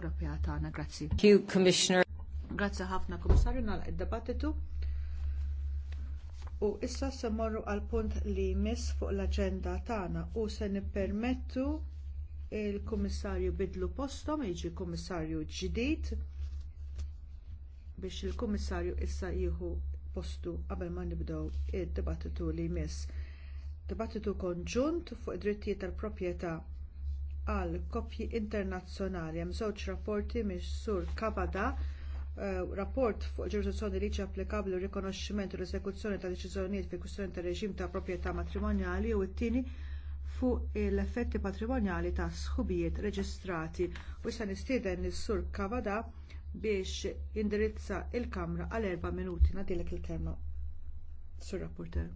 Ewropea tagħna. Grazzi. Grazzi ħafna Kummissarju nagħlaq id-dibattitu. U issa se morru għal punt li jmiss fuq l-aġenda tagħna u se nippermettu l kummissarju bidlu postom jiġi kummissarju ġdid biex il-kummissarju issa jieħu postu qabel ma nibdew id-dibattitu li jmiss. Dibattitu konġunt fuq id-drittijiet tal-proprjetà għal koppji internazzjonali hemm żewġ rapporti mix sur Kabada, uh, rapport fuq ġurisdizzjoni liġi applikabbli u rikonoxximent u l-eżekuzzjoni ta' deċiżjonijiet fi kwistjoni ta' reġim ta' proprjetà matrimonjali u t-tieni fuq l-effetti patrimonjali ta' sħubijiet reġistrati u issa nistieden is-sur Kabada biex indirizza l kamra għal erba' minuti nadilek il-kelma sur rapporter.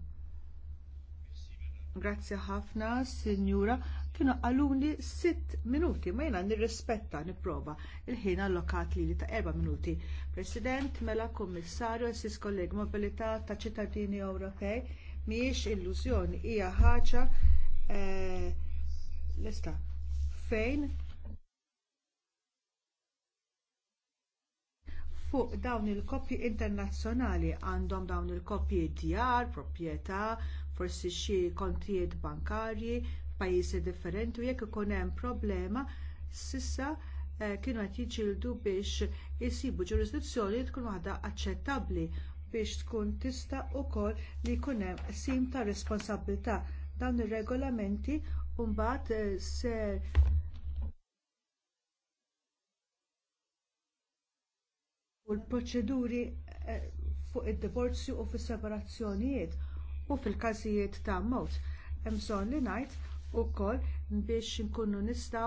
Grazzi ħafna, Sinjura. Kienu għaluni sitt minuti, ma jena nirrispetta, nipprova il-ħin allokat li ta' erba minuti. President, mela Kummissarju, assis kolleg, mobilità ta' ċittadini Ewropej, miex illużjoni, hija ħaġa l eh, lesta fejn fuq dawn il-koppji internazzjonali għandhom dawn il-koppji djar, proprjetà, forsi xi kontijiet bankarji f'pajjiżi differenti u jekk ikun hemm problema sissa eh, kienu qed jiġildu biex isibu ġurisdizzjoni li tkun waħda aċċettabbli biex tkun tista' wkoll li jkun hemm sim ta' responsabilità dawn ir-regolamenti u mbagħad eh, u l-proċeduri eh, fuq id-divorzju u fis-separazzjonijiet u fil-każijiet ta' mewt hemm bżonn li ngħid ukoll biex inkunu nistgħu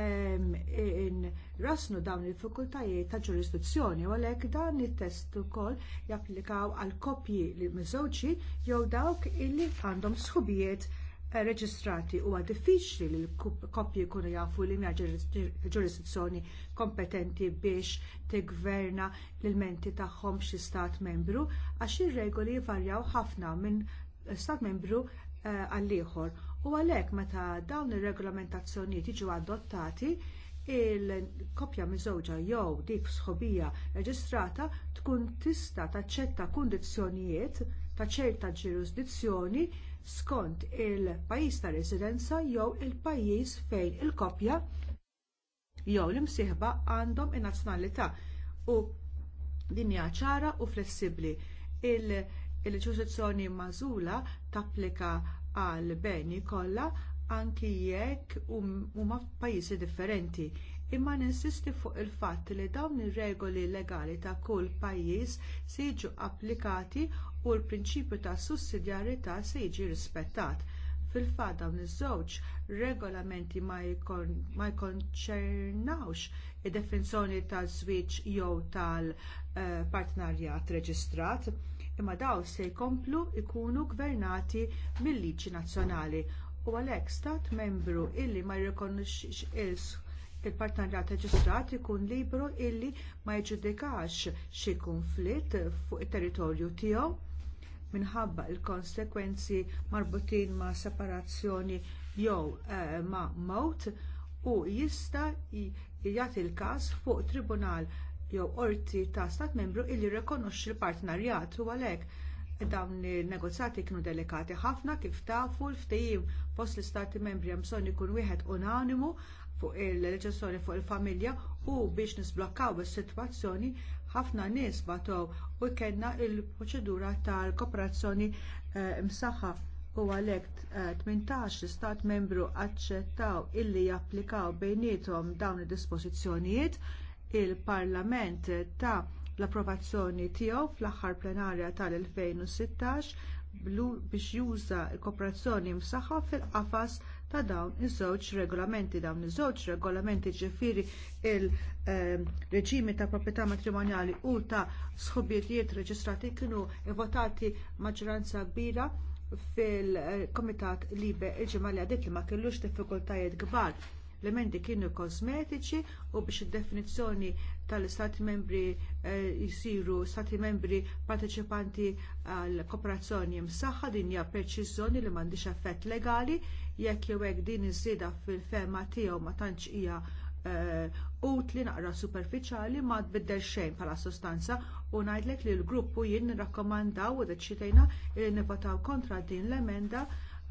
ehm, rasnu dawn il-fakultajiet ta' ġurisdizzjoni u għalhekk dan it-test ukoll japplikaw għal koppji li miżewġi jew dawk illi għandhom sħubijiet reġistrati huwa diffiċli li l-koppji jkunu jafu li mja ġurisdizzjoni kompetenti biex tiggverna l-menti tagħhom xi stat membru għax ir-regoli jvarjaw ħafna minn stat membru eh, għal ieħor u għalhekk meta dawn ir-regolamentazzjonijiet jiġu adottati il-kopja miżewġa jew dik sħobija reġistrata tkun tista' taċċetta kundizzjonijiet ta' ċerta ġurisdizzjoni skont il-pajjiż ta' residenza jew il-pajjiż fejn il-kopja jew l-imsieħba għandhom in-nazzjonalità u din hija ċara u flessibbli. Il-ġurisdizzjoni magħżula tapplika għall beni kollha anki jekk huma f'pajjiżi differenti imma ninsisti fuq il-fatt li dawn ir-regoli legali ta' kull pajjiż se jiġu applikati u l-prinċipju ta' sussidjarjetà se jiġi rispettat. Fil-fatt dawn iż-żewġ regolamenti ma jkonċernawx id-definizzjoni ta' żwieġ jew tal-partnerjat eh, reġistrat imma dawn se jkomplu jkunu gvernati mill-liġi nazzjonali u għalhekk stat membru illi ma jirrikonoxxix il-partnerjat reġistrat ikun libru illi ma jġudikax xi kunflitt fuq it-territorju tiegħu minħabba l konsegwenzi marbutin ma' separazzjoni jew eh, ma' mewt u jista' jagħti l-każ fuq tribunal jew qorti ta' stat membru illi jirrikonoxxi l-partnerjat u għalhekk dawn in negozjati kienu delikati ħafna kif tafu l-ftehim fost l-istati membri hemm bżonn ikun wieħed unanimu fuq il-leġizzjoni fuq il-familja u biex nisblokkaw is-sitwazzjoni ħafna nies batow u jkellna l proċedura tal-kooperazzjoni eh, msaħħa u għalhekk 18 eh, stat membru aċċettaw illi japplikaw bejniethom dawn id-dispożizzjonijiet il-Parlament ta' l-approvazzjoni tiegħu fl-aħħar plenarja tal-2016 biex juża l kooperazzjoni msaħħa fil-qafas ta' dawn iż-żewġ regolamenti. Dawn iż-żewġ regolamenti ġifieri il-reġimi ehm, ta' proprjetà matrimonjali u ta' sħobijiet reġistrati kienu votati maġġoranza kbira fil eh, kumitat Libe il-ġimgħa li għaddiet li ma kellux diffikultajiet kbar L-emendi kienu kosmetiċi u biex id-definizzjoni tal-Stati membri eh, jsiru Stati membri parteċipanti għal kooperazzjoni msaħħa din hija preċiżjoni li m'għandix effett legali jekk jew hekk din iż fil-fema tiegħu ma tantx hija eh, utli naqra superfiċjali ma tbiddel xejn bħala sostanza u ngħidlek li l-grupp jien nirrakkomandaw u deċidejna li nivotaw kontra din l-emenda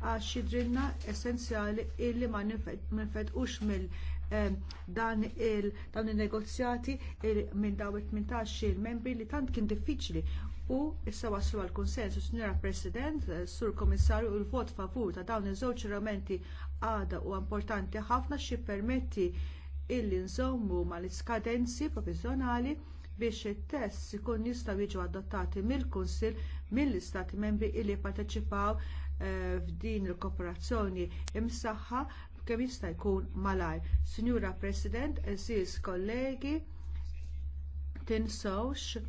għax xidrilna essenzjali illi ma nifetqux mill ehm, dan il-negozjati minn daw it-18 il-membri li tant kien diffiċli u issa waslu għal konsensu Sinjora President, Sur Komissarju, l vot favur ta' dawn iż-żewġ ramenti għada u importanti ħafna xi permetti illi nżommu mal-iskadenzi proviżjonali biex it-test ikun jistgħu jiġu adottati mill-Kunsill mill-Istati membri illi pparteċipaw Eh, f'din il-kooperazzjoni imsaħħa kemm jista' jkun malajr. Sinjura President, eżis kollegi, tinsewx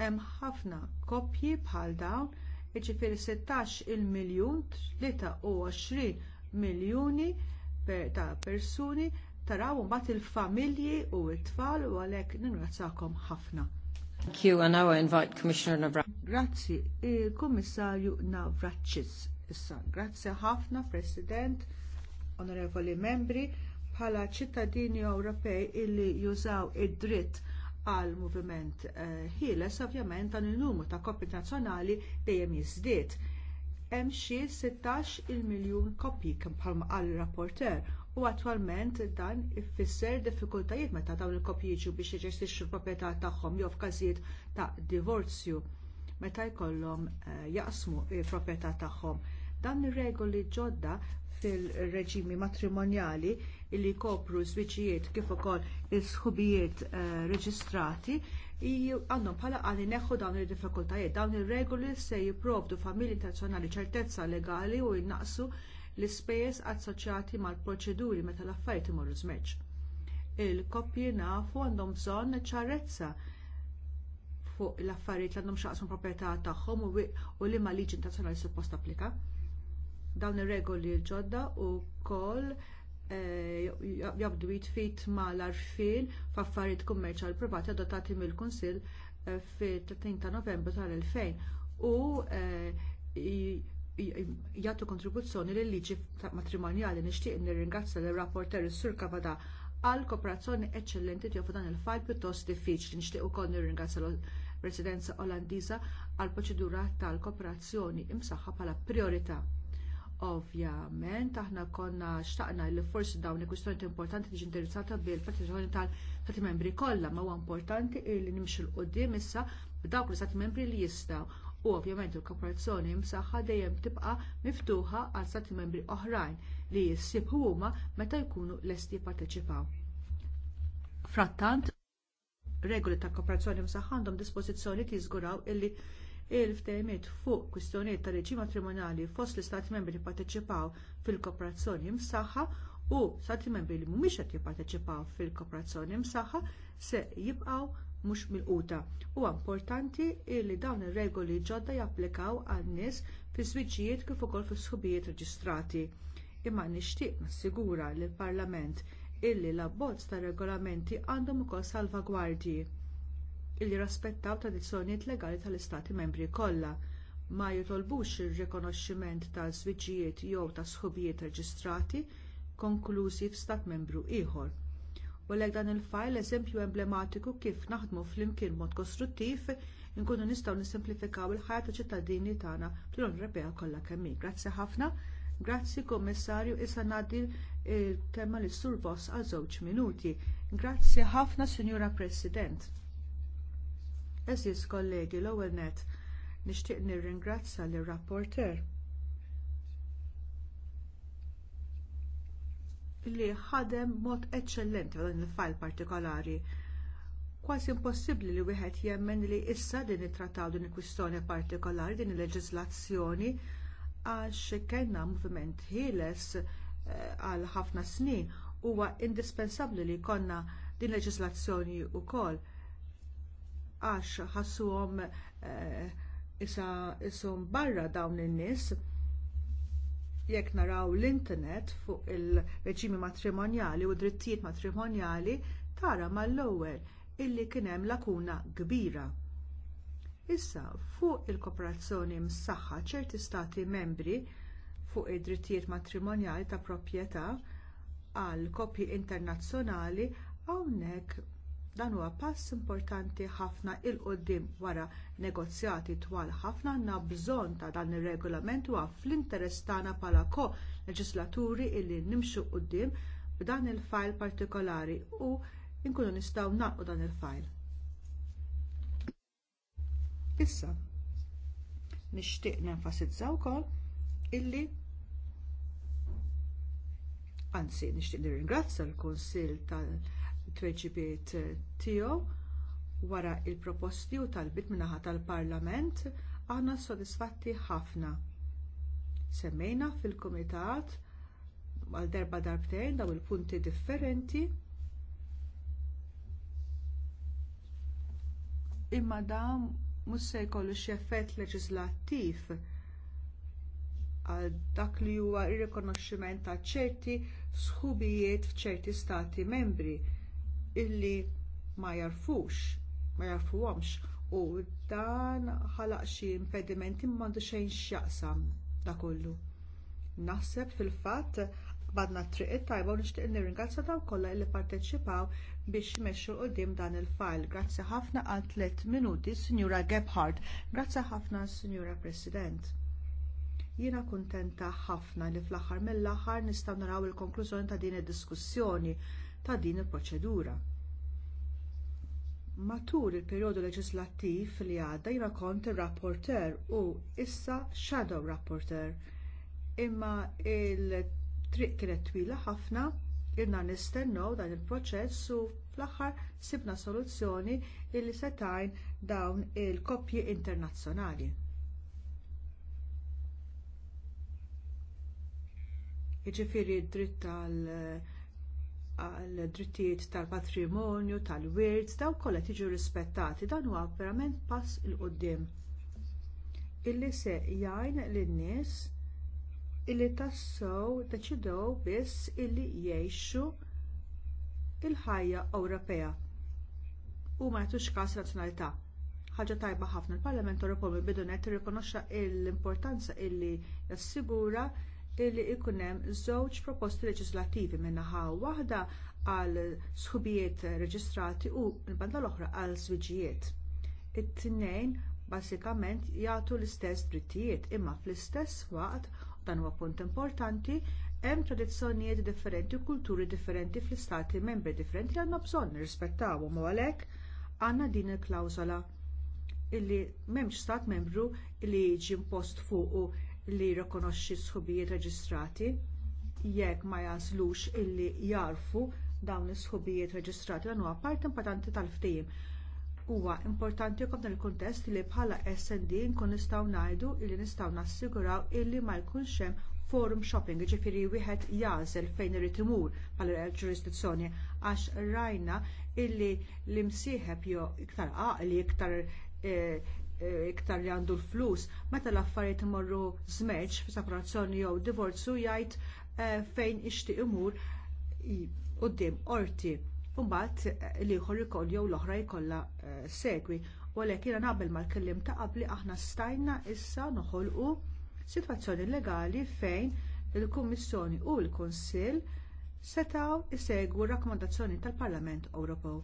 hemm ħafna koppji bħal dawn, jiġifieri 16 il miljun 23 miljuni ta' persuni taraw mbagħad il-familji u t-tfal u għalhekk ningrazzakom ħafna. Thank you, and now I invite Commissioner Navracic. Grazzi, il-Kommissarju e, Navracis. Issa, grazzi ħafna, President, onorevoli membri, bħala ċittadini Ewropej illi jużaw id-dritt għal moviment e, ħieles, ovvjament dan il-numru ta' kopji nazzjonali dejjem jiżdied. Hemm xi 16 il miljun kopji kemm bħal rapporter u attwalment dan ifisser diffikultajiet meta dawn il-kopji biex jeġestixxu l-proprjetà tagħhom jew f'każijiet ta' divorzju meta jkollhom eh, jaqsmu l eh, proprjetà tagħhom. Dan ir-regoli ġodda fil-reġimi matrimonjali li jkopru żwiġijiet kif ukoll is-sħubijiet eh, reġistrati għandhom bħala għalli neħħu dawn il-diffikultajiet. Dawn ir-regoli se jipprovdu familji internazzjonali ċertezza legali u jnaqsu l-ispejjeż assoċjati mal-proċeduri meta l-affarijiet imorru żmerġ. Il-koppji nafu għandhom bżonn iċċarezza fuq l-affarijiet li għandhom xaqsmu proprjetà tagħhom u liema liġi internazzjonali suppost applika. Dawn ir-regoli l-ġodda wkoll eh, jabdu jitfit ma l-arfin f'affarijiet kummerċjali privati adottati mill-Kunsill eh, fit-30 ta' Novembru tal-2000 u eh, jgħatu kontribuzzjoni lil liġi matrimonjali nixtieq nirringrazzja lir rapporter is-Sur Kavada għal kooperazzjoni eċċellenti tiegħu f'dan il-fajl pjuttost diffiċli. Nixtieq ukoll nirringrazzja l-Presidenza Olandiża għall proċedura tal-kooperazzjoni imsaħħa bħala priorità. Ovvjament, aħna konna xtaqna li forsi dawn il-kwistjoni importanti tiġi indirizzata bil-partizzjoni tal-Stati membri kollha, ma huwa importanti li nimxu l-qudiem issa b'dawk l-Stati membri li jistgħu u ovvjament il-kooperazzjoni msaħħa dejjem tibqa' miftuħa għal stati membri oħrajn li jissibħu huma meta jkunu lesti jipparteċipaw. Frattant, regoli ta' kooperazzjoni msaħħa għandhom dispożizzjoni li jiżguraw illi il-ftehimiet fuq kwistjonijiet ta' reġim matrimonjali fost l-istati membri jipparteċipaw fil-kooperazzjoni msaħħa u stati membri li mhumiex qed jipparteċipaw fil-kooperazzjoni msaħħa se jibqgħu mhux milquta. Huwa importanti li dawn ir-regoli ġodda japplikaw għan-nies fi żwiġijiet kif ukoll fis sħubijiet reġistrati. Imma nixtieq nassigura lill parlament illi l-abbozz tar regolamenti għandhom ukoll salvagwardji illi raspettaw tradizzjonijiet legali tal-istati membri kollha ma jitolbux ir-rikonoxximent ta' żwiġijiet jew ta' sħubijiet reġistrati konklużi f'stat membru ieħor U lek dan il-fajl eżempju emblematiku kif naħdmu flimkien mod kostruttiv inkunu nistgħu nisimplifikaw il-ħajja ta' ċittadini tagħna fl-Unjoni Ewropea kollha kemm Grazzi ħafna. Grazzi Kommissarju, issa ngħaddi il-tema li sur Voss għal żewġ minuti. Grazzi ħafna, Sinjura President. Eżis kollegi, l-ewwel nett nixtieq nirringrazzja lir rapporter li ħadem mod eċċellenti dan il-fajl partikolari. Kważi impossibbli li wieħed jemmen li issa din nittrattaw din il-kwistjoni partikolari din il-leġiżlazzjoni għax kellna moviment ħieles eh, għal ħafna snin huwa indispensabbli li jkollna din leġiżlazzjoni wkoll għax ħassuhom eh, isa barra dawn in-nies jekk naraw l-internet fuq il-reġimi matrimonjali u drittijiet matrimonjali tara mal-ewwel illi kien hemm lakuna kbira. Issa fuq il-kooperazzjoni msaħħa ċerti stati membri fuq id-drittijiet matrimonjali ta' proprjetà għal koppji internazzjonali hawnhekk Dan huwa pass importanti ħafna il qoddim wara negozjati twal ħafna għandna bżonn ta' dan ir-regolament huwa fl-interess tagħna bħala ko leġislaturi illi nimxu quddiem b'dan il-fajl partikolari u nkunu nistgħu naqgħu dan il-fajl. Issa, nixtieq nenfasizza wkoll illi anzi nixtieq nirringrazzja l-Kunsill tal- it-tweġibiet eh, tiegħu wara l proposti u talbit min-naħa tal-Parlament aħna sodisfatti ħafna. Semmejna fil-Kumitat għal darba darbtejn daw il-punti differenti imma dan mhux se jkollu xi effett leġislattiv għal dak li huwa r rikonoxximent ta' ċerti sħubijiet f'ċerti stati membri illi ma jarfux, ma jarfuhomx u dan ħalaq xi impedimenti m'għandu xejn x'jaqsam da kollu. Naħseb fil-fatt badna triq it-tajba u nixtieq nirringrazzja daw kollha li parteċipaw biex jmexxu quddiem dan il file Grazzi ħafna għal tliet minuti, Sinjura Gebhardt. Grazzi ħafna, Sinjura President. Jiena kuntenta ħafna li fl-aħħar mill-aħħar nistgħu naraw il-konklużjoni ta' din id-diskussjoni ta' din il-proċedura. Matul il-perjodu leġislattiv li għadda jiena kont ir-rapporteur u issa shadow rapporteur. Imma il-triq kienet twila ħafna irna nistennew dan il-proċess u fl-aħħar sibna soluzzjoni li setajn dawn il-koppji internazzjonali. Jiġifieri dritt tal- għal drittijiet tal-patrimonju, tal wirt daw kollha tiġu rispettati, dan huwa verament pass il qudiem Illi se jgħin lin-nies illi tassew deċidew biss illi jgħixu il-ħajja Ewropea u ma jagħtux każ nazzjonalità. Ħaġa tajba ħafna l-Parlament Ewropew bidu net tirrikonoxxa l-importanza illi jassigura il illi jkun hemm żewġ proposti leġislattivi min-naħa waħda għal sħubijiet reġistrati u l-banda l-oħra għal swiġijiet. It-tnejn bażikament jagħtu l-istess drittijiet imma fl-istess waqt dan huwa punt importanti hemm tradizzjonijiet differenti u kulturi differenti fl-istati membri differenti li għandna bżonn nirrispettawhom u għalhekk għandna din il-klawżola illi m'hemmx stat membru li jiġi impost fuqu li jirrikonoxxi sħubijiet reġistrati jekk ma jaslux illi jarfu dawn is-sħubijiet reġistrati dan huwa parti importanti tal-ftehim. Huwa importanti wkoll dan il-kuntest li bħala SND nkun nistgħu ngħidu li nistgħu nassiguraw illi ma jkunx hemm forum shopping, ġifiri wieħed jażel fejn irid imur bħala ġurisdizzjoni għax rajna illi l-imsieħeb jew iktar għaqli iktar eh, E, iktar li għandu l-flus, meta l-affarijiet imorru żmerġ f'separazzjoni jew divorzju jgħid e, fejn ixtieq imur quddiem qorti. Mbagħad e, l-ieħor ikoll jew l-oħra jkollha segwi. U għalhekk jiena naqbel mal-kellim ta' qabli aħna stajna issa noħolqu sitwazzjoni legali fejn il-Kummissjoni u l-Kunsill setaw isegwu r rakkomandazzjoni tal-Parlament Ewropew.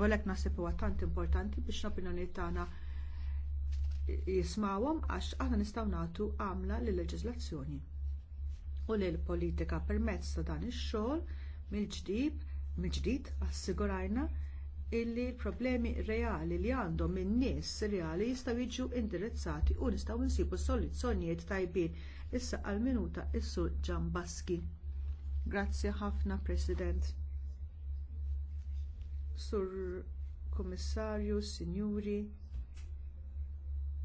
Volek nasib huwa tant importanti biex l-opinjoni tagħna jismawhom għax aħna nistgħu nagħtu għamla lill leġiżlazzjoni u lil politika permezz ta' dan ix-xogħol mill-ġdid mill-ġdid assigurajna illi l-problemi reali li għandhom in-nies reali jistgħu jiġu indirizzati u nistgħu nsibu soluzzjonijiet tajbin issa għal minuta is-sur Ġambaski. Grazzi ħafna President. Sur Komissarju, Sinjuri,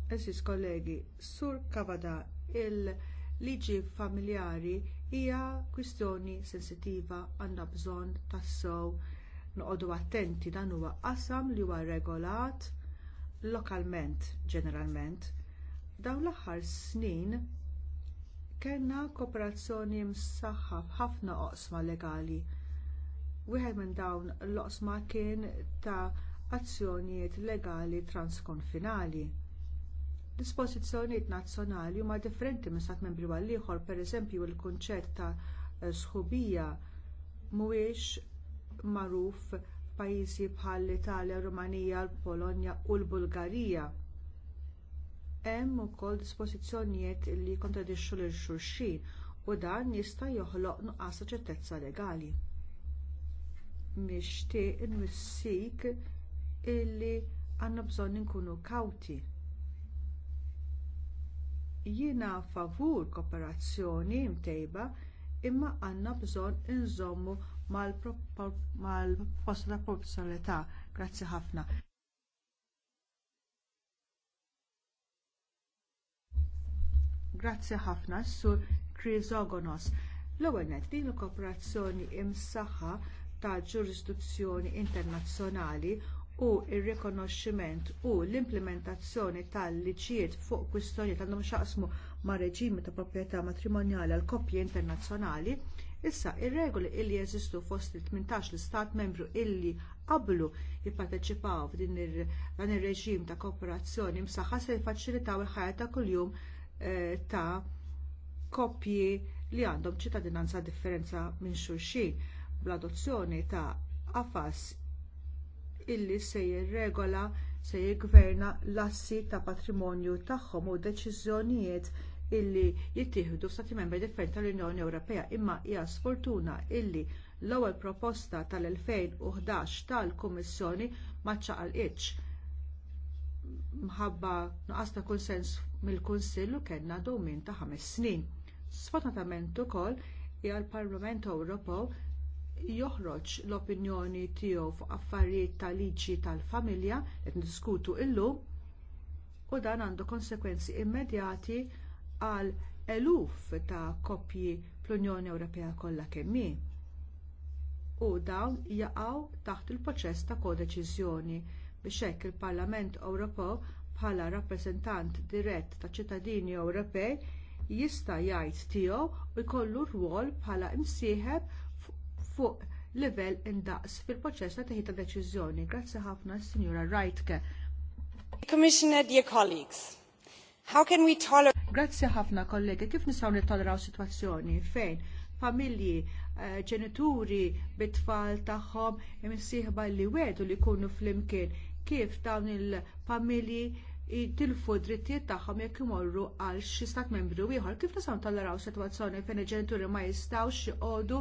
Esis kollegi, Sur Kavada, il-liġi familjari hija kwistjoni sensittiva għandna bżonn tassew noqogħdu attenti dan huwa qasam li huwa regolat lokalment ġeneralment. Dawn l-aħħar snin kellna kooperazzjoni msaħħa f'ħafna oqsma legali Wieħed minn dawn l-oqsma kien ta' azzjonijiet legali transkonfinali. Dispożizzjonijiet nazzjonali huma differenti minn stat membri għal ieħor, pereżempju il-kunċett ta' sħubija mhuwiex magħruf f'pajjiżi bħal l-Italja, Rumanija, l-Polonja u l-Bulgarija. Hemm ukoll dispożizzjonijiet li kontradixxu lil xulxin u dan jista' joħloq nuqqas ċertezza legali mixtieq nwissik illi għandna bżonn inkunu kawti. Jiena favur kooperazzjoni mtejba imma għandna bżonn inżommu mal-posta ta' proporzjonalità. Grazzi ħafna. Grazzi ħafna, Sur Krizogonos. L-ewwel nett din il-kooperazzjoni imsaħħa ta' ġurisdizzjoni internazzjonali u r rikonoxximent u l-implementazzjoni tal-liġijiet fuq kwistjonijiet għandhom xaqsmu ma' reġimi ta' proprjetà matrimonjali għal koppji internazzjonali, issa ir-regoli illi jeżistu fost il-18 l-istat membru illi qablu jipparteċipaw f'din ir-reġim ta' kooperazzjoni msaħħa se jfaċilitaw il-ħajja ta' kuljum eh, ta' koppji li għandhom ċittadinanza differenza minn xulxin bl-adozzjoni ta' afas illi se jirregola se jiggverna l-assi ta' patrimonju tagħhom u deċiżjonijiet illi jittieħdu f'stati membri differenti tal-Unjoni Ewropea imma hija sfortuna illi l-ewwel proposta tal-2011 tal-Kummissjoni ma ċċaqalqitx minħabba nuqqas ta' kunsens mill-Kunsill u kellna dewmien ta' ħames snin. Sfortunatament ukoll hija l-Parlament Ewropew joħroġ l-opinjoni tiegħu fuq affarijiet ta' liġi tal-familja qed niddiskutu illum u dan għandu konsegwenzi immedjati għal eluf ta' koppji fl-Unjoni Ewropea kollha kemm hi. U dawn jaqgħu taħt il-proċess ta' kodeċiżjoni biex hekk il-Parlament Ewropew bħala rappreżentant dirett taċ ċittadini Ewropej jista' jgħid tiegħu u jkollu rwol bħala imsieħeb fuq livell indaqs fil-proċess ta' teħita deċiżjoni. Grazzi ħafna, Sinjura Rajtke. Commissioner, dear colleagues, how can we tolerate... Grazzi ħafna, kollegi, kif nisaw nitoleraw situazzjoni fejn familji, eh, ġenituri, bit-tfal tagħhom li wedu li jkunu flimkien kif dawn il-familji tilfu drittijiet tagħhom jekk imorru għal xi stat membru ieħor kif nisaw tolleraw sitwazzjoni fejn il-ġenituri ma jistawx joqogħdu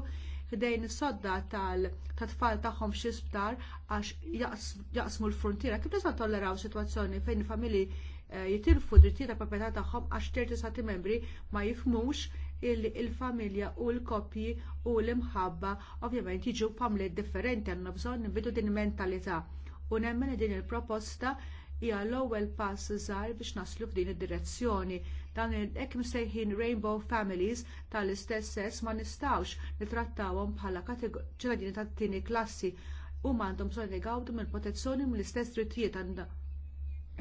f'idejn sodda tal-tfal tagħhom xi sptar għax jaqsmu l-frontiera. Kif tista' tolleraw sitwazzjoni fejn familji eh, jitilfu drittijiet ta' proprjetà tagħhom għax ċerti stati membri ma jifhmux illi il-familja u l-koppji u l-imħabba ovvjament jiġu familji differenti għandna bżonn nibidu din mentalità. U nemmen din il-proposta hija l-ewwel pass żgħar biex naslu f'din id-direzzjoni Dan il ekm sejħin Rainbow Families tal-istess sess ma nistawx nitrattawhom bħala ċittadini tat-tieni klassi u għandhom bżonn jgawdu mill-protezzjoni mill-istess drittijiet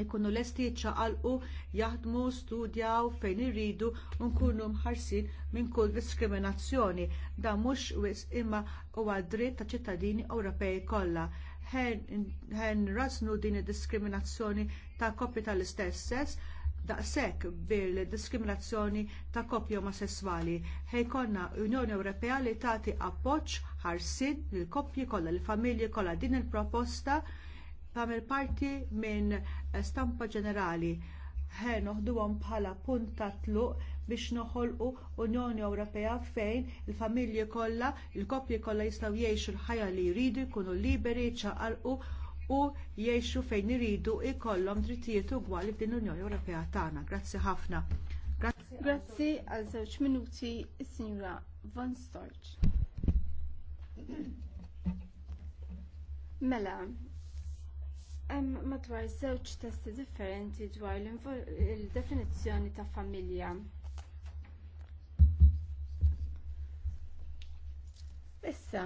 ikunu lesti ċaqalqu, jaħdmu, studjaw fejn irridu u nkunu mħarsin minn kull diskriminazzjoni. Dan mhux wisq imma huwa dritt ta' ċittadini Ewropej kollha. Ħen rasnu din id-diskriminazzjoni ta' koppi tal-istess sess daqshekk bil-diskriminazzjoni ta' koppji omosessuali. Ħejkonna Unjoni Ewropea li tagħti appoġġ ħarsien lill koppji kollha l-familji kollha din il-proposta tagħmel parti minn stampa ġenerali. Ħe noħduhom bħala punt ta' tluq biex noħolqu Unjoni Ewropea fejn il-familji kollha, il-koppji kollha jistgħu jgħixu l-ħajja li jridu, jkunu liberi, ċaqalqu u jgħixu fejn iridu jkollhom drittijiet ugwali f'din l-Unjoni Ewropea tagħna. Grazzi ħafna. Grazzi għal żewġ minuti is-Sinjura Von Storch. Mela, hemm madwar żewġ testi differenti dwar il-definizzjoni ta' familja. Issa,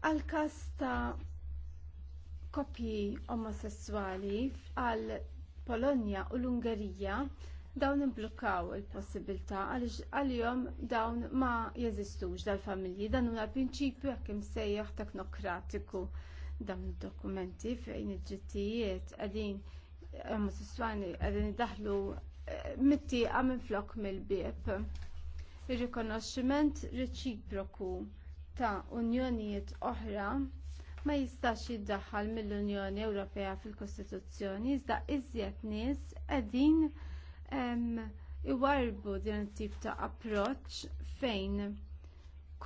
għal każ ta' Koppji omosessuali għal Polonja u l-Ungerija dawn imblukkaw il-possibilità għalihom dawn ma jeżistux dal-familji dan huwa l-prinċipju jekk imsejjaħ teknokratiku dawn id-dokumenti fejn i-ġittijiet qegħdin omosessuali qegħdin idaħlu eh, mittieqa minflok mill-bieb. Ir-rikonoxximent reċiproku ta' unjonijiet oħra ma jistax jiddaħħal mill-Unjoni Ewropea fil-Kostituzzjoni iżda iżjed nies qegħdin iwarbu din it-tip ta' approċċ fejn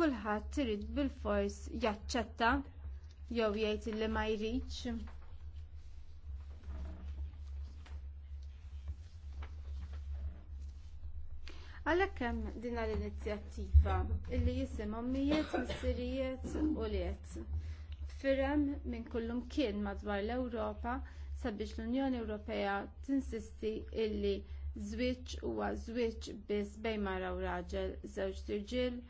kulħadd irid bilfors jaċċetta jew jgħid li ma jridx. Għalhekk hemm din l-inizjattiva illi jisimhom mijiet missirijiet u liet firem minn kullum kien madwar l-Ewropa sabiex l-Unjoni Ewropea tinsisti illi żwieġ huwa żwieġ biss bejn mara u raġel, żewġ tirġiel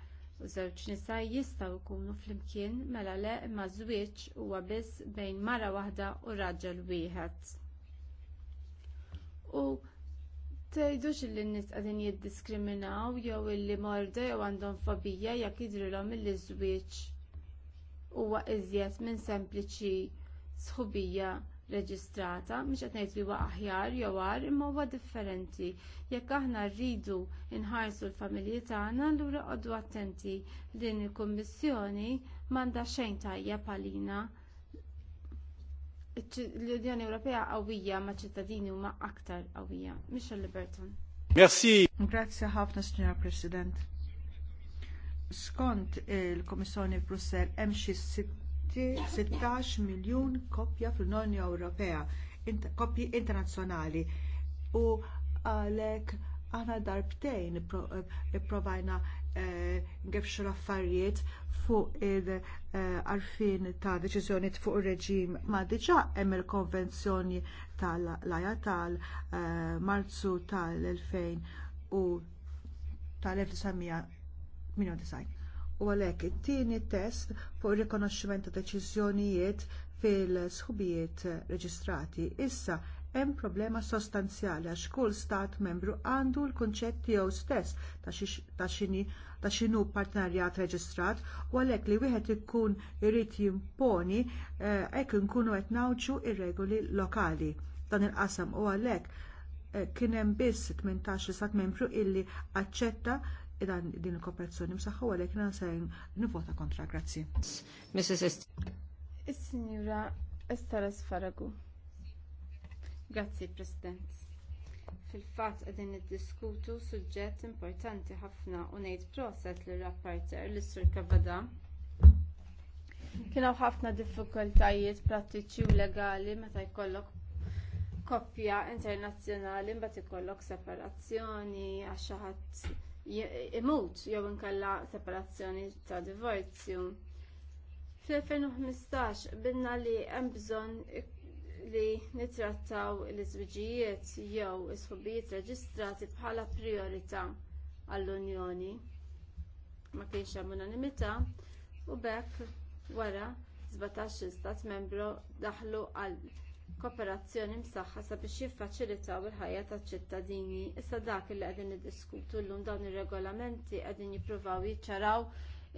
u żewġ nisa jistgħu jkunu flimkien mela le imma żwieġ huwa biss bejn mara waħda u raġel wieħed. U tgħidux li n-nies qegħdin jiddiskriminaw jew illi morda jew għandhom fobija jekk jidrilhom illi żwieġ huwa iżjed minn sempliċi sħubija reġistrata, mhux qed ngħid li huwa aħjar jew għar imma huwa differenti. Jekk aħna rridu nħarsu l-familji tagħna allura qogħdu attenti din il-Kummissjoni m'għandha xejn tajjeb għalina. L-Unjoni Ewropea qawwija maċ ċittadini huma aktar qawwija. l Liberton. Merci. Grazie ħafna, Signor President skont il-Komissjoni Brussell hemm xi 16 miljun koppja fl-Unjoni Ewropea, koppji internazzjonali. U għalhekk aħna darbtejn eh, ipprovajna eh, ngefxu l-affarijiet fuq il-arfin eh, ta' deċiżjonijiet fuq ir reġim ma diġà hemm il-konvenzjoni tal-laja tal-Marzu tal-2000 u tal-1900 design. U għalhekk it-tieni test fuq ir-rikonoxximent ta' deċiżjonijiet fil-sħubijiet reġistrati issa hemm problema sostanzjali għax kull stat membru għandu l-kunċett tiegħu stess ta' x'inhu ta' partnerjat reġistrat u għalhekk li wieħed ikun irid jimponi eh, hekk eh, inkunu qed nawġu ir-regoli lokali. Dan il-qasam u għalhekk eh, kien hemm biss 18 stat membru illi aċċetta dan din il-kooperazzjoni msaħħa għalhekk nan se nivota kontra grazzi. Mrs. Est. Is-Sinjura Esther Esfaragu. Grazzi, President. Fil-fatt qegħdin diskutu suġġett importanti ħafna u ngħid proset lir rapporter l sur Kavada. Kienu ħafna diffikultajiet prattiċi u legali meta jkollok koppja internazzjonali mbagħad ikollok separazzjoni għax imut jew inkella separazzjoni ta' divorzju. Fil-2015 bidna li hemm bżonn li nitrattaw l-iżwiġijiet jew is-ħubbijiet reġistrati bħala priorità għall-Unjoni. Ma kienx hemm unanimità u b'hekk wara 17 stat membru daħlu għal kooperazzjoni msaħħa sabiex jiffaċilitaw il-ħajja taċ-ċittadini. Issa dak li qegħdin niddiskutu llum dawn ir-regolamenti qegħdin jippruvaw jiċċaraw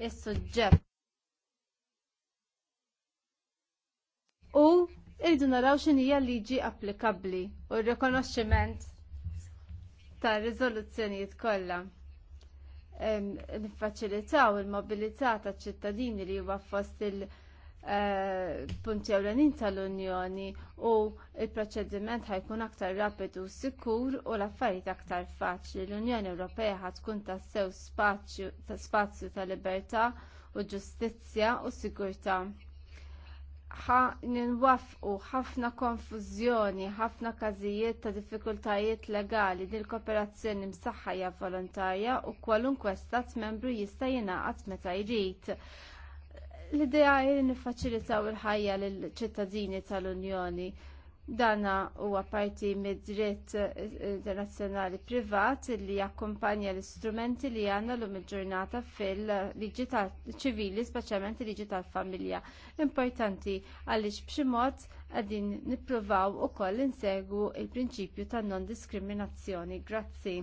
is-suġġett. U irridu naraw x'inhija liġi applikabbli u r-rikonoxximent tar-riżoluzzjonijiet kollha. Niffaċilitaw il-mobilità taċ-ċittadini li huwa fost il- Eh, punti ewlenin tal-Unjoni u il-proċediment ħajkun aktar rapidu u sikur u l-affarijiet aktar faċli. L-Unjoni Ewropea ħatkun tassew spazju ta' libertà u ġustizzja u sigurtà. Ħa ninwafqu ħafna konfużjoni, ħafna każijiet ta' diffikultajiet legali din kooperazzjoni msaħħa hija volontarja u kwalunkwe stat membru jista' jingħaqad meta jrid L-idea hi nifaċilitaw il-ħajja lill-ċittadini tal-Unjoni. Dana huwa parti mid-dritt eh, internazzjonali privat li jakkumpanja l-istrumenti li l-um il-ġurnata fil-liġi ċivili, speċjalment il-liġi tal-familja. Importanti għaliex b'xi mod qegħdin nippruvaw ukoll insegwu l prinċipju ta' non-diskriminazzjoni. Grazzi.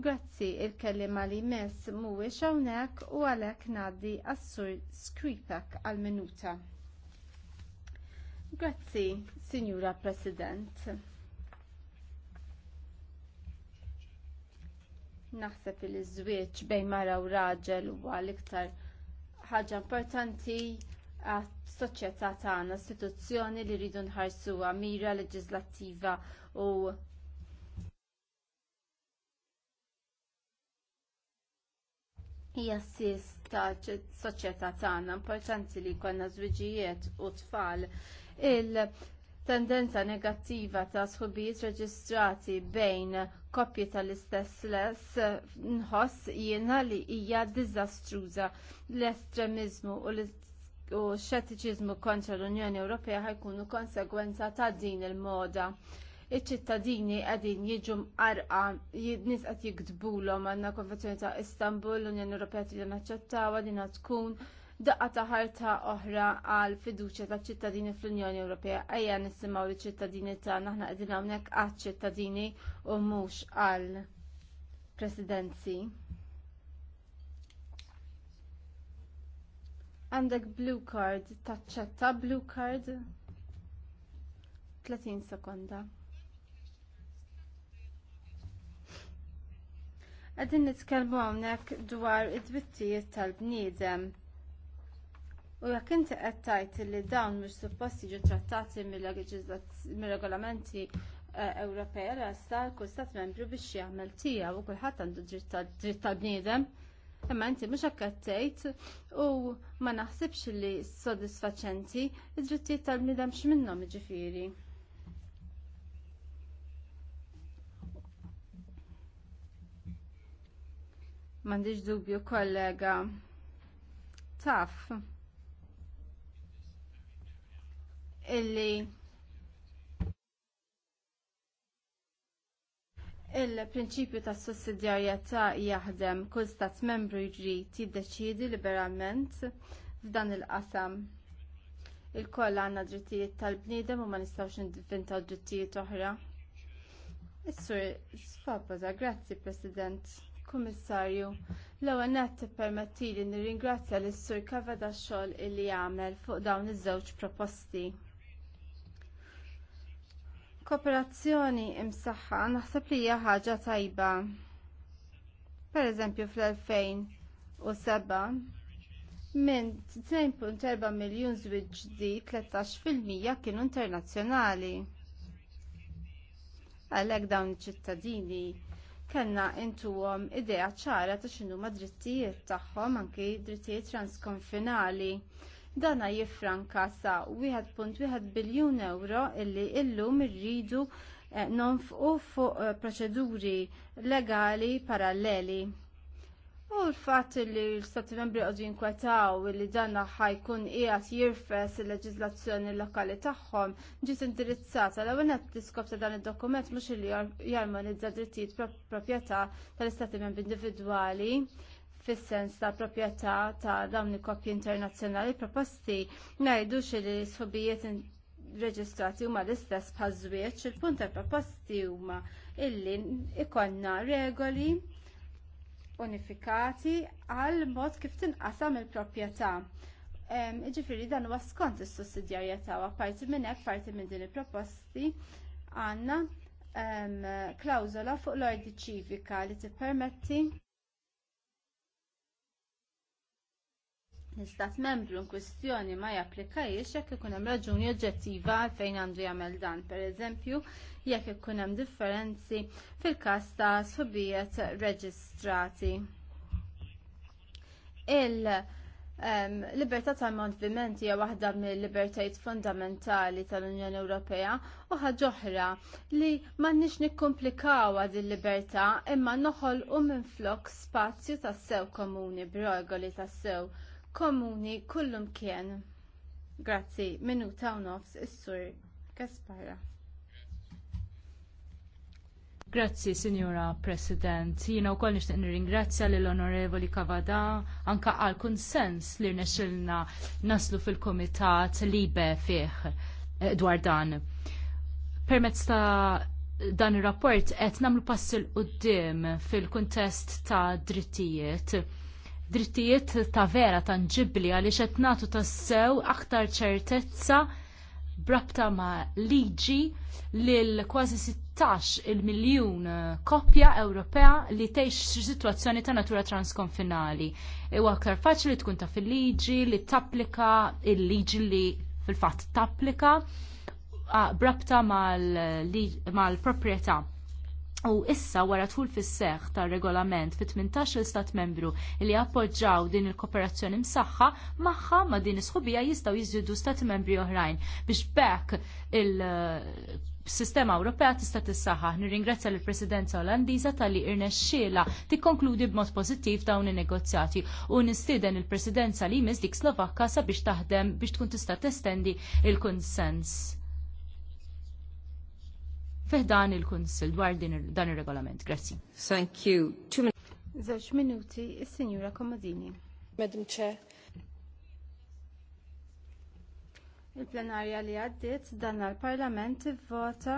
Grazzi il-kellima li mess mhuwiex hawnhekk u għalhekk ngħaddi għas-sur Skripek għal-minuta. Grazzi, Sinjura President. Naħseb li żwieġ bejn mara u raġel huwa l-iktar ħaġa importanti għat soċjetà tagħna istituzzjoni li rridu nħarsuha mira leġislattiva u hija s-sis ta' soċjetà tagħna importanti li jkollna żwiġijiet u tfal il tendenza negattiva ta' sħubijiet reġistrati bejn koppji tal-istess les nħoss jiena li hija diżastruża l-estremiżmu u l xettiċiżmu kontra l-Unjoni Ewropea ħajkunu konsegwenza ta' din il-moda iċ-ċittadini qegħdin jiġu mqarqa nies qed jikdbulhom għanna konvenzjoni ta' Istanbul, l-Unjoni Ewropea li naċċettawha din tkun daqqa ta' ħarta oħra għal fiduċja taċ ċittadini fl-Unjoni Ewropea. Ejja nisimgħu li ċittadini ta' aħna qegħdin hawnhekk għad ċittadini u mhux għal presidenzi. Għandek blue card, taċċetta blue card. 30 sekonda. Għadin nitkellmu hawnhekk dwar id-drittijiet tal-bniedem. U jekk inti qed tgħid li dawn mhux suppost jiġu trattati mir-regolamenti eh, Ewropej għal star kull stat membru biex jagħmel tiegħu u kulħadd għandu dritt tal-bniedem. Imma inti mhux hekk qed tgħid u ma naħsibx li sodisfaċenti id-drittijiet tal-bniedem x'minnhom jiġifieri. Mandiġ dubju kollega taf illi il-prinċipju ta' sussidjarjetà jaħdem kull stat membru jġri jiddeċiedi liberalment f'dan il-qasam. Il-koll għandna drittijiet tal-bniedem u ma nistgħux nindivvintaw drittijiet oħra. Is-sur Sfabaza, grazzi President. Kummissarju, l-ewwel nett tippermettili nirringrazzja lis sur Kava dax-xogħol illi jagħmel fuq dawn iż-żewġ proposti. Kooperazzjoni imsaħħa naħseb li hija ħaġa tajba. Pereżempju fl-2007 minn 2.4 miljun żwieġ ġdid 13% kienu internazzjonali. Għalhekk dawn iċ-ċittadini kellna intuhom idea ċara ta' x'inhu ma' drittijiet tagħhom anki drittijiet transkonfinali. Dana jiffranka sa 1.1 biljun euro illi illum irridu eh, nonfqu fuq eh, proċeduri legali paralleli. U l-fatt li l-Stati membri għadu jinkwetaw li danna ħajkun qiegħed jirfes il leġizlazzjoni lokali tagħhom ġis indirizzata l ewwel diskop ta' dan id-dokument mhux li jarmonizza drittijiet proprjetà tal-Istati membri individwali fis-sens ta' proprjetà ta' dawn il-koppji internazzjonali proposti ngħidu li sħobijiet reġistrati huma l-istess bħaż-żwieġ, il punta tal proposti huma illi ikonna regoli unifikati għal mod kif tinqasam il-proprjetà. Ġifiri dan huwa skont is-sussidjarjetà u apparti minn hekk parti minn din il-proposti għandna klawżola fuq l-ordi ċivika li tippermetti l-istat membru in kwistjoni ma japplikajiex jekk ikun hemm raġuni oġġettiva fejn għandu jagħmel dan. Pereżempju, jekk ikun hemm differenzi fil-każ ta' subijiet reġistrati. Il um, libertà tal-moviment hija waħda mill-libertajiet fundamentali tal-Unjoni Ewropea u ħaġoħra li m'għandniex nikkomplikaw din il-libertà imma noħolqu minflok spazju tas-sew komuni b'regoli tas-sew komuni kullum kien. Grazzi, minuta ta' nofs is-sur Gasparra. Grazzi, Signora President. Jina u koll nishtiq nirringrazzja l onorevoli Kavada anka għal konsens li nexilna naslu fil-komitat libe fih eh, dwar dan. Permezz ta' dan ir rapport qed nagħmlu passil l fil-kuntest ta' drittijiet drittijiet ta' vera tangibli għaliex qed nagħtu tassew aktar ċertezza brabta ma' liġi lil kważi 16 il miljun koppja Ewropea li tgħix sitwazzjoni ta' natura transkonfinali. Huwa aktar faċli tkun ta' fil-liġi li tapplika il-liġi li fil-fatt tapplika brabta mal-proprjetà. mal proprjetà U issa wara tħul fis seħħ tar regolament fit 18 stat membru li appoġġaw din il-kooperazzjoni msaħħa magħha ma din is-sħubija jistgħu jiżidu stati membri oħrajn biex bekk il- sistema Ewropea tista' tissaħħa. Nirringrazzja lill presidenza Olandiża talli irnexxiela tikkonkludi b'mod pożittiv dawn in-negozjati u nistieden il-Presidenza li jmiss dik Slovakka sabiex taħdem biex tkun tista' testendi il-kunsens fiħdan il-Kunsil dwar dan il regolament Grazzi. Thank you. Zewġ minuti il sinjura Komodini. Madam Chair. Il-plenarja li għaddit dan l-Parlament vota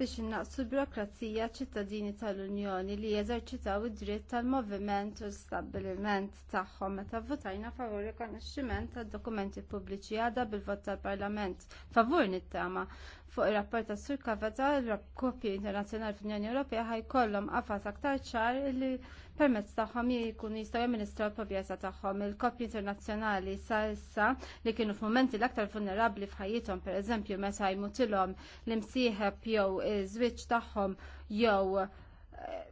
biex innaqsu l-birokrazija ċittadini tal-Unjoni li jeżerċitaw id-dritt tal-moviment u l-stabbiliment tagħhom meta votajna favur rikonoxximent tad dokumenti pubbliċi għadha bil-vot tal-Parlament favur nittama fuq ir-rapport tas Sur Kavata l-Kopji Internazzjonali fl-Unjoni Ewropea ħajkollhom qafas aktar ċar li permezz tagħhom jkunu jistgħu jamministraw il-proprjetà tagħhom. Il-koppji internazzjonali sa issa li kienu f'mumenti l-aktar vulnerabbli f'ħajjithom, pereżempju meta jmutilhom l-imsieħeb jew iż-żwieġ tagħhom jew eh,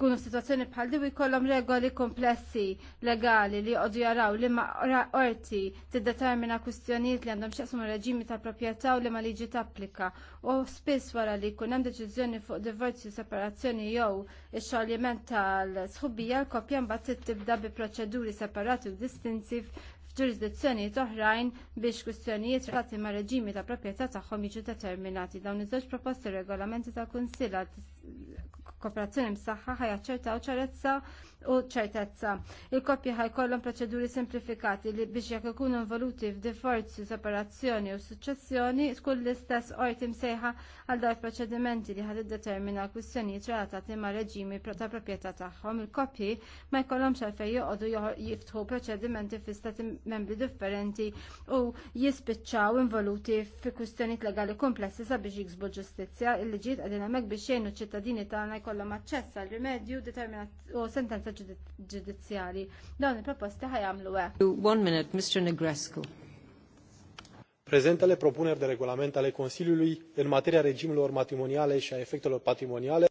kunu situazzjoni bħal diwi jkollhom regoli komplessi legali li jqogħdu jaraw li ma orti tiddetermina kwistjonijiet li għandhom x'jaqsmu reġimi ta' proprjetà u li ma liġi tapplika. U spiss wara li jkun hemm deċiżjoni fuq divorzju, separazzjoni jew ix-xogħliment tal-sħubija l koppja mbagħad tibda bi proċeduri separati u distinti f'ġurisdizzjonijiet oħrajn biex kwistjonijiet relati ma' reġimi ta' proprjetà tagħhom jiġu determinati. Dawn iż-żewġ proposti regolamenti tal kunsilla kooperazzjoni msaħħa u ċarezza u ċertezza. Il-koppji ħajkollhom proċeduri simplifikati li biex jekk ikunu involuti f'divorzju, separazzjoni u suċċessjoni, skull l-istess qorti msejħa għal dawn proċedimenti li ħad iddetermina kwistjonijiet relatati ma' reġimi ta' proprjetà tagħhom. Il-koppji ma jkollhomx xalfej joqogħdu jiftħu proċedimenti fi stati membri differenti u jispiċċaw involuti fi kwistjonijiet legali komplessi sabiex jiksbu ġustizzja. Il-liġijiet għadina hemmhekk biex jgħinu ċittadini ċittadini tagħna jkollhom aċċess għal rimedju determinat u sentenza ġudizzjali. Dawn il-proposti ħajamlu hekk. One minute, Mr. Negrescu. Prezenta le propuneri de regulament ale Consiliului în materia regimurilor matrimoniale și a efectelor patrimoniale.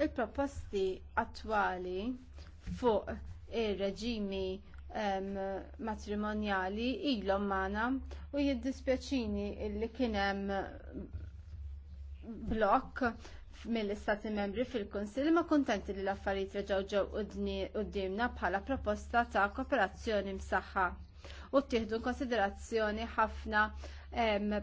Il-proposti attuali fuq ir-reġimi um, matrimonjali ilhom magħna u jiddispjaċini il kien hemm blok mill-istati membri fil-Konsil ma kontenti li l-affarijiet reġgħu ġew qudiemna bħala proposta ta' kooperazzjoni msaħħa u ttieħdu konsiderazzjoni ħafna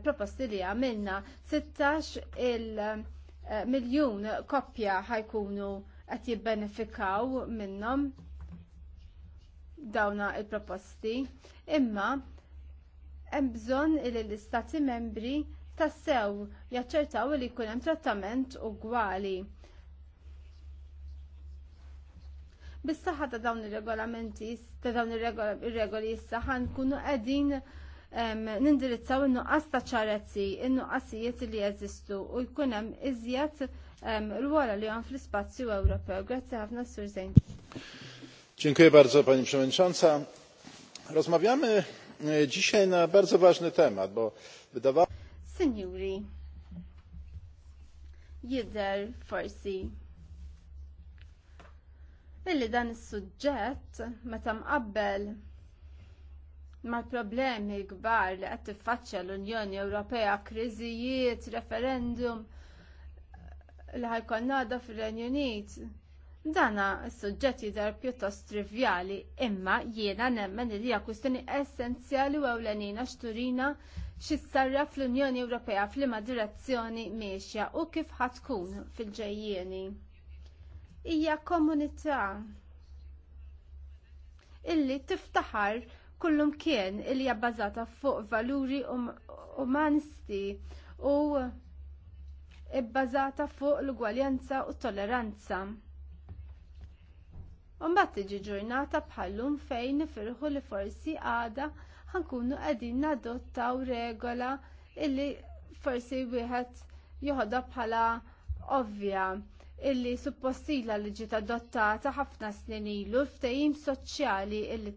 proposti li għamilna 16 il eh, miljun koppja ħajkunu qed jibbenefikaw minnhom dawna il-proposti imma hemm bżonn li l-istati membri tassew jaċċertaw li jkun hemm trattament ugwali. Bis-saħħa ta' dawn ir-regolamenti, ta' dawn ir-regoli issa nkunu qegħdin nindirizzaw in-nuqqas ta' ċarezzi, in-nuqqasijiet li jeżistu u jkun hemm iżjed rwola li għan fl-ispazju Ewropew. Grazzi ħafna Sur Zejn. Dziękuję bardzo Pani Przewodnicząca. Rozmawiamy e, dzisiaj na bardzo ważny temat, bo wydawało Sinjuri, jidher forsi illi dan is-suġġett meta mqabbel mal-problemi kbar li qed tiffaċċja l-Unjoni Ewropea kriżijiet, referendum li ħajkon għadha fir-Renju Unit. Dana s-suġġett jidher pjuttost trivjali, imma jiena nemmen li hija kwistjoni essenzjali u ewlenina x'turina xissarra fl-Unjoni Ewropea fl-ima direzzjoni miexja u kif ħatkun fil-ġejjieni. Hija komunità illi tiftaħar kullum kien illi jabbażata fuq valuri um-, umanisti u ibbażata fuq l-ugwaljanza u t-tolleranza. Umbat tiġi ġurnata bħallum fejn nifirħu li forsi għada ħankunu qegħdin nadottaw regola illi forsi wieħed joħodha bħala ovvja illi suppostila li ġiet adottata ħafna snin ilu ftehim soċjali illi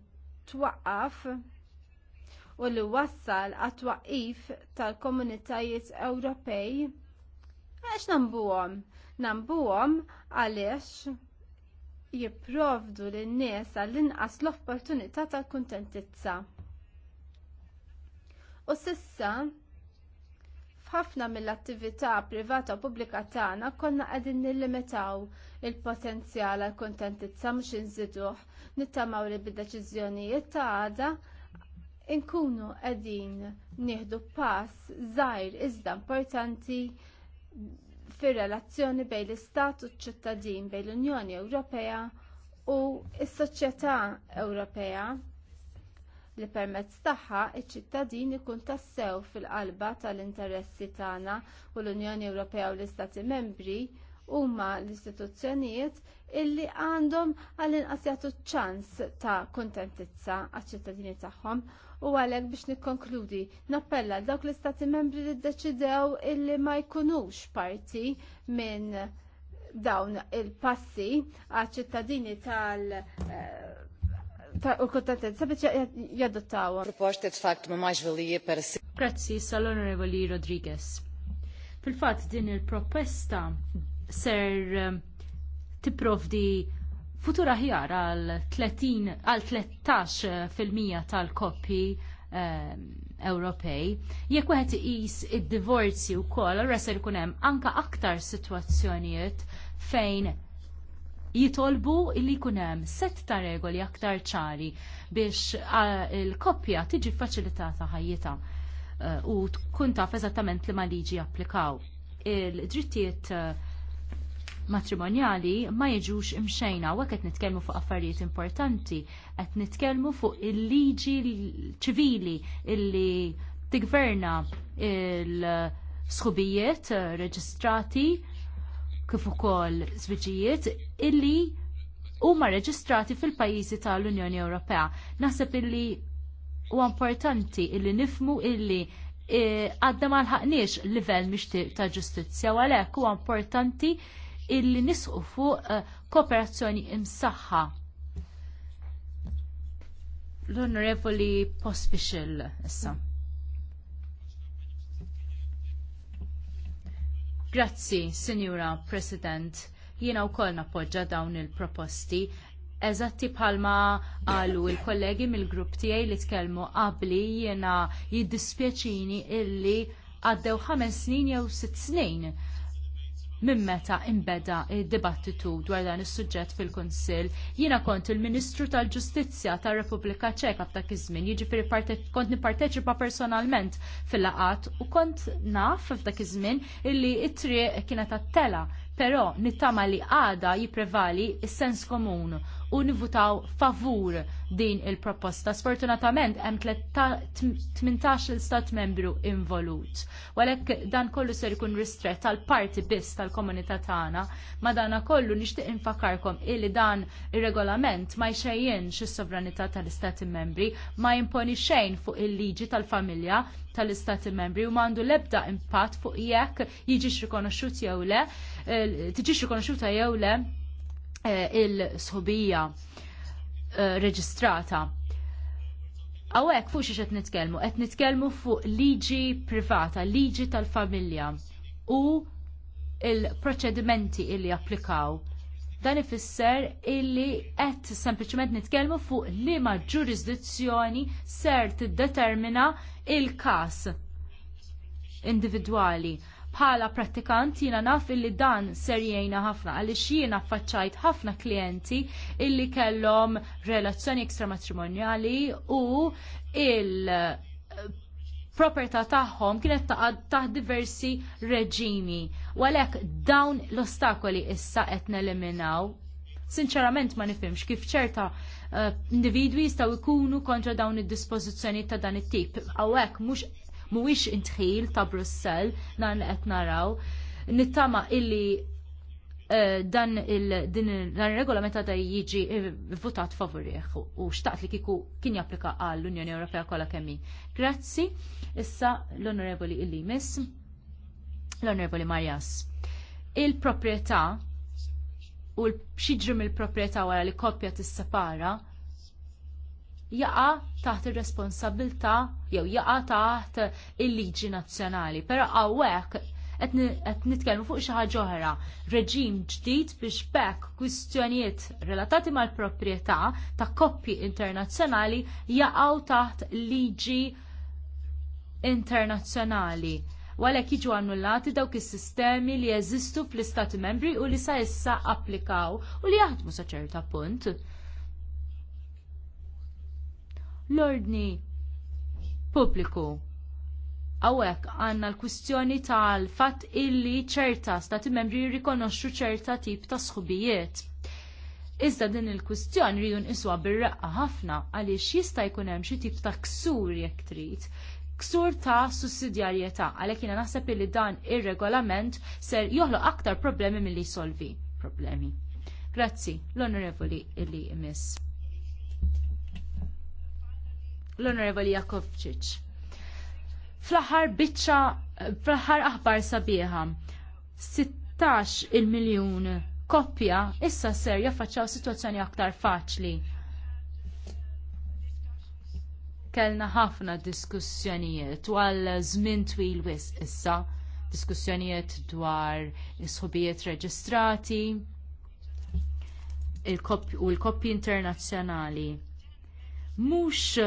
twaqqaf u li wassal għat-twaqqif tal-komunitajiet Ewropej. Għax nambuhom? Nambuhom għaliex jipprovdu lin nies għall-inqas l-opportunità tal-kuntentizza. U sissa f'ħafna mill-attività privata u pubblika tagħna konna qegħdin nillimitaw il-potenzjal għal kuntentizza mhux inżiduh, nittamaw li bid-deċiżjonijiet ta' għada inkunu qegħdin nieħdu pass żgħir iżda importanti fir-relazzjoni bejn l-Istat u ċ-ċittadin bejn l-Unjoni Ewropea u s-soċjetà Ewropea li permezz tagħha iċ ċittadini jkun tassew fil-qalba tal-interessi tagħna u l-Unjoni Ewropea u l-Istati Membri huma l-istituzzjonijiet illi għandhom għall-inqas jagħtu ċans ta' kuntentizza għaċ-ċittadini tagħhom u għalhekk biex nikkonkludi nappella dawk l-istati membri li ddeċidew illi ma jkunux parti minn dawn il-passi għaċ-ċittadini tal- uh, u kontentenza biex jadottawa. Proposta fakt ma maġ valija per Grazzi, sal-Onorevoli Rodriguez. Fil-fat din il-proposta ser ehm, tipprovdi futura ħjar għal għal 13% eh, tal-koppi ehm, Ewropej. Jekk wieħed iqis id-divorzi wkoll, allura se jkun hemm anke aktar sitwazzjonijiet fejn jitolbu jkun kunem set ta' regoli aktar ċari biex il-koppja tiġi faċilitata ħajjita eh, u tkun taf eżattament li ma liġi applikaw. Il-drittijiet eh, matrimonjali ma jiġux imxejna u qed nitkellmu fuq affarijiet importanti, qed nitkellmu fuq il-liġi ċivili illi tigverna il-sħubijiet eh, reġistrati kif ukoll żwiġijiet illi huma reġistrati fil-pajjiżi tal-Unjoni Ewropea. Naħseb illi huwa importanti illi nifmu illi e, għadda ma l-ħaqniex livell mixtieq ta' ġustizzja u għalhekk huwa importanti illi nisqu fuq e, kooperazzjoni imsaħħa. L-Onorevoli Pospixil issa. Grazzi, Signora President. Jiena wkoll nappoġġa dawn il-proposti eżatti bħalma għalu il-kollegi mill-grupp tiegħi li tkellmu qabli jiena jiddispjaċini illi għaddew ħames snin jew sitt snin minn meta imbeda id-dibattitu dwar dan is-suġġett fil-Kunsill. Jiena kont il-Ministru tal-Ġustizzja tar-Repubblika Ċeka f'dak iż-żmien, jiġifieri kont nipparteċipa personalment fil-laqat u kont naf f'dak iż-żmien illi t-triq kienet għat-tela, però nittama li għada jipprevali s-sens komun u nivutaw favur din il-proposta. Sfortunatament hemm 18 il-stat membru involut. Walek dan kollu ser ikun ristret tal-parti biss tal-komunità tagħna, ma dana kollu nixtieq infakarkom illi dan ir-regolament ma jxejjenx is-sovranità tal-istati membri, ma jimponi xejn fuq il-liġi tal-familja tal-istati membri u mandu lebda impatt fuq jekk jiġix rikonoxxut jew le, eh, tiġix rikonoxxuta jew le Eh, il-sħubija eh, reġistrata. Għawek, fuq xiex qed nitkellmu? Qed nitkellmu fuq liġi privata, liġi tal-familja u il-proċedimenti illi applikaw. Dan ifisser illi qed sempliċement nitkellmu fuq liema ġurisdizzjoni ser t-determina il-każ individwali bħala prattikant jiena naf illi dan ser jgħinha ħafna għaliex jiena affaċċajt ħafna klijenti illi kellhom relazzjoni ekstramatrimonjali u il eh, proprjetà tagħhom kienet taqgħod taħt diversi reġimi. U għalhekk dawn l-ostakoli issa qed neliminaw. Sinċerament ma nifhimx kif ċerta eh, individwi jistgħu jkunu kontra dawn id-dispożizzjoni ta' dan it-tip. Hawnhekk mhux mhuwiex intħil ta' Brussell dan li qed naraw. Nittama illi eh, dan il-regolament għada jiġi eh, votat favorieħ u xtaqt li kiku kien japplika għall unjoni Ewropea kolla kemmi. Grazzi, issa l-Onorevoli illi mis, l-Onorevoli Marjas. Il-proprietà u xidrim il-proprietà wara li koppja tissepara jaqa taħt ir-responsabilità jew jaqa taħt il-liġi nazzjonali. Però hawnhekk qed nitkellmu fuq xi ħaġa oħra, reġim ġdid biex bekk kwistjonijiet relatati mal-proprjetà ta' koppji internazzjonali jaqgħu taħt liġi internazzjonali għalhekk jiġu annullati dawk is-sistemi li jeżistu fl-Istati membri u li sa issa applikaw u li jaħdmu sa ċerta punt l-ordni pubbliku. Għawek għanna l-kwistjoni tal-fat illi ċerta stati membri jirrikonoxxu ċerta tip ta' sħubijiet. Iżda din il-kwistjoni rridu niswa bir-raqqa ħafna għaliex jista' jkun hemm xi tip ta' ksur jekk trid ksur ta' sussidjarjetà għalhekk jiena naħseb li dan ir-regolament ser joħloq aktar problemi milli jsolvi problemi. Grazzi, l-onorevoli illi miss l-Onorevoli Jakovčić. Fl-aħħar biċċa, fl-aħħar aħbar sabiħa, 16 il-miljun koppja issa ser jaffaċċaw situazzjoni aktar faċli. Kellna ħafna diskussjonijiet għal żmien twil wis issa, diskussjonijiet dwar is-sħubijiet reġistrati u l-koppji internazzjonali. Mhux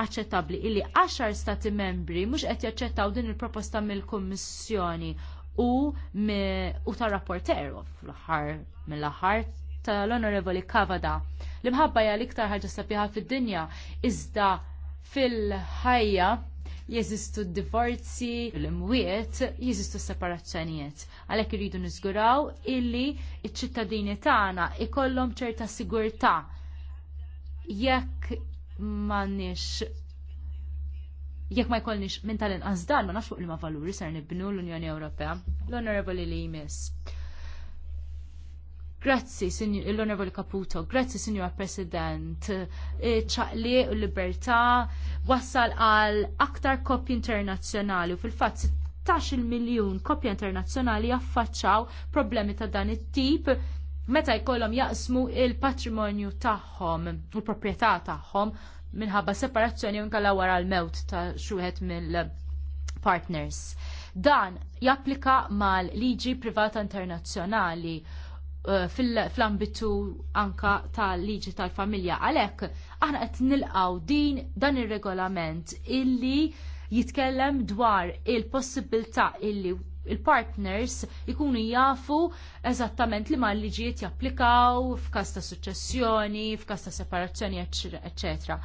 aċċettabbli illi għaxar stati membri mhux qed jaċċettaw din il-proposta mill-Kummissjoni u u tar-rapporter fl-aħħar mill-aħħar tal-Onorevoli Kavada. L-imħabba hija l-iktar ħaġa sabiħa fid-dinja iżda fil-ħajja jeżistu d-divorzi, l-imwiet, jeżistu separazzjonijiet. Għalhekk iridu niżguraw illi ċ ċittadini tagħna ikollhom ċerta sigurtà jekk m'għandniex jekk ma jkollniex minn tal-inqas dan ma nafx fuq ma valuri ser nibnu l-Unjoni Ewropea. L-Onorevoli li miss. Grazzi, l honorable Caputo, grazzi, Signor President. E, ċaqli u libertà wassal għal aktar kopji internazzjonali u fil-fatt 16 miljun kopja internazzjonali affaċċaw problemi ta' dan it-tip meta jkollhom jaqsmu il-patrimonju tagħhom u l-proprjetà tagħhom minħabba separazzjoni u nkalla wara l-mewt ta' xuħet mill-partners. Dan japplika mal-liġi privata internazzjonali uh, fl ambitu anka tal-liġi tal-familja. Għalek, aħna qed nilqaw din dan ir-regolament illi jitkellem dwar il-possibilità illi il-partners ikunu jafu eżattament li ma liġijiet japplikaw f'każ ta' suċċessjoni, f'każ ta' separazzjoni, eccetera.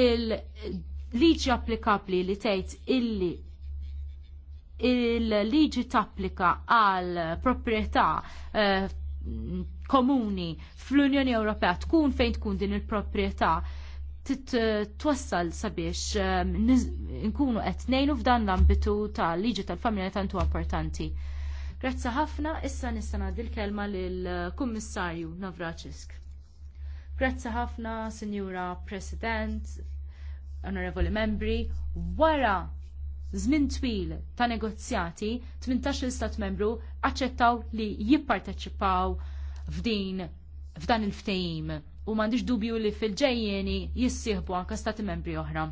Il-liġi applikabli li tgħid illi il-liġi tapplika għal proprjetà eh, komuni fl-Unjoni Ewropea tkun fejn tkun din il-proprjetà titwassal sabiex ehm, nkunu qed ngħinu f'dan l-ambitu tal liġi tal-familja tantu importanti. Grazzi ħafna, issa nista' ngħaddi l-kelma lill-Kummissarju eh, Navraċisk. Grazzi ħafna, Sinjura President, Onorevoli Membri, wara żmien twil ta' negozjati, 18 stat membru aċċettaw li jipparteċipaw f'din f'dan il-ftehim u m'għandix dubju li fil-ġejjeni jissieħbu anke stati membri oħra.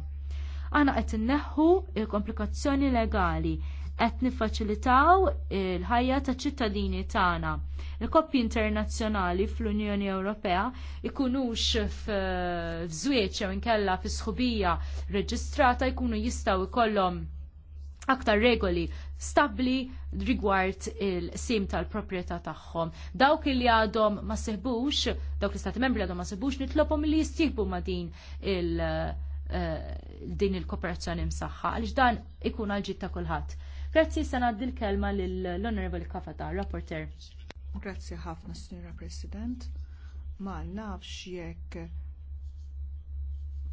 Aħna qed inneħħu il-komplikazzjoni legali qed niffaċilitaw il-ħajja ta' ċittadini tagħna. Il-koppji internazzjonali fl-Unjoni Ewropea ikunux f'żwieġ jew inkella fi sħubija reġistrata jkunu jistgħu jkollhom aktar regoli stabli rigward il-sim tal-proprietà tagħhom. Dawk li għadhom ma seħbux, dawk l-istati membri għadhom ma seħbux, nitlobhom li jistieħbu ma din il- eh, din il-kooperazzjoni msaħħa, għaliex dan ikun għalġit ta' kulħadd. Grazzi sena għaddil kelma l-Honorable Kafata, rapporter. Grazzi ħafna, Signora President. Ma nafx jekk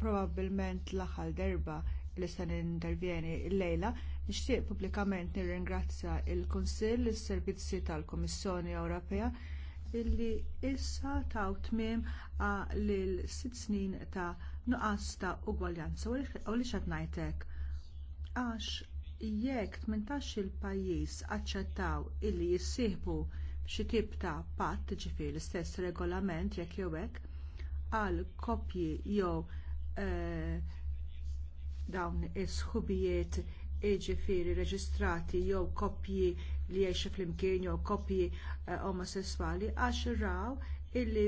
probabbilment l-aħħal derba li se intervjeni l-lejla Nixtieq pubblikament nirringrazzja l kunsill is-Servizzi tal-Kummissjoni Ewropea illi issa taw tmiem lil sitt snin ta' nuqqas ta' ugwaljanza u li ngħid hekk. Għax jekk tmintax il pajjiż aċċettaw illi jissieħbu b'xi tip ta' patt ġifier l-istess regolament jekk jew hekk għal koppji jew eh, dawn is-sħubijiet jiġifieri reġistrati jew koppji li jgħixu flimkien jew koppji eh, omosesswali għax raw illi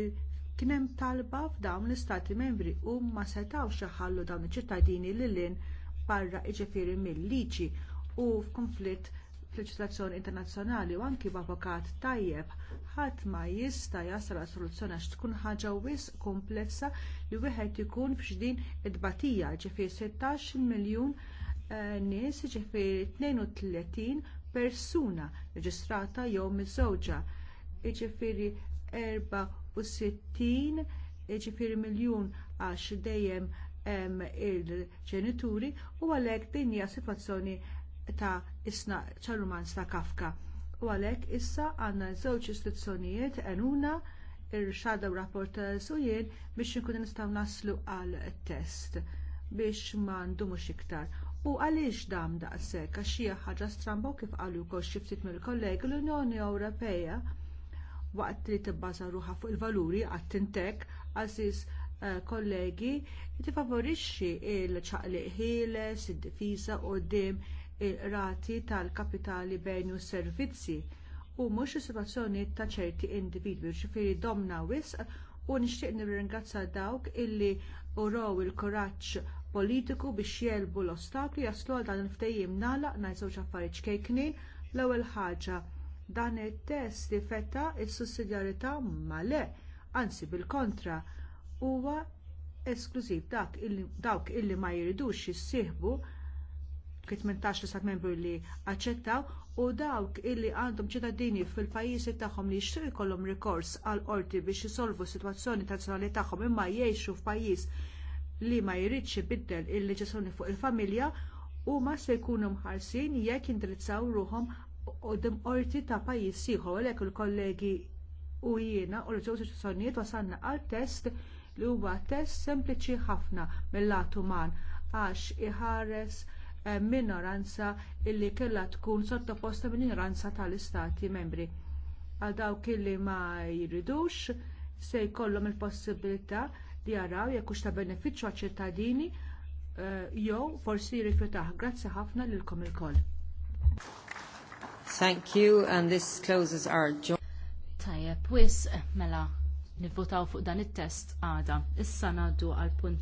kien hemm talba f'dawn l-istati membri u ma setgħux jaħallu dawn iċ-ċittadini lilin barra jiġifieri mill-liġi u f'kunflitt fil-leġislazzjoni internazzjonali u anki b'avokat tajjeb ħadd ma jista' jasal soluzzjoni għax tkun ħaġa wisq komplessa li wieħed ikun f'xdin id-batija ġifier 16 miljun Eh, nies ġifiri 32 persuna reġistrata jew miżewġa ġifiri 64 ġifiri miljun għax dejjem il-ġenituri u għalhekk din hija sitwazzjoni ta' isna ċarrumanz ta' Kafka. U għalhekk issa għandna żewġ istituzzjonijiet għenuna ir-xadaw rapport sujien biex nkun nistgħu naslu għal test biex ma ndumux iktar U għaliex dam daqshekk għax hija ħaġa stramba kif qalu wkoll xi ftit mill-kollegi l-Unjoni Ewropea waqt li tibbaża ruħha fuq il-valuri għat-tintek għażiż eh, kollegi tifavorixxi l ċaqliq ħieles, id-difiża quddiem ir-rati tal-kapitali bejn u s-servizzi u mhux is-sitwazzjoni ta' ċerti individwi ġifieri domna wisq u nixtieq nirringrazzja dawk illi uraw il-kuraġġ politiku biex jelbu l-ostakli jaslu għal dan il-ftejjim nagħlaq ngħid żewġ affarijiet xkejknin l-ewwel ħaġa dan it-test ifetta s sussidjarjetà ma le, anzi bil-kontra huwa esklużiv dawk illi ma jiridux jissieħbu k-18 li membru li aċċettaw u dawk illi għandhom ċittadini fil-pajjiżi tagħhom li jixtru jkollhom rikors għal qorti biex isolvu s-sitwazzjoni nazzjonali tagħhom imma jgħixu f'pajjiż li ma jridx ibiddel il-leġislazzjoni fuq il-familja huma se jkunu mħarsin jekk indirizzaw ruhom quddiem qorti ta' pajjiż ieħor għalhekk il-kollegi u jiena u l-ġewġ istituzzjonijiet wasalna għal test li huwa test sempliċi ħafna mill-lat uman għax iħares eh, minoranza illi kellha tkun sottoposta minoranza tal-istati membri. Għal dawk illi ma jridux se jkollhom il-possibilità li jaraw jekk hux ta' benefiċċju għaċ-ċittadini eh, jew forsi jirrifjutah. Grazzi ħafna lilkom ilkoll. Thank you and this closes our job. Tajjeb, wis mela nivvotaw fuq dan it-test għada. Issa ngħaddu għal punt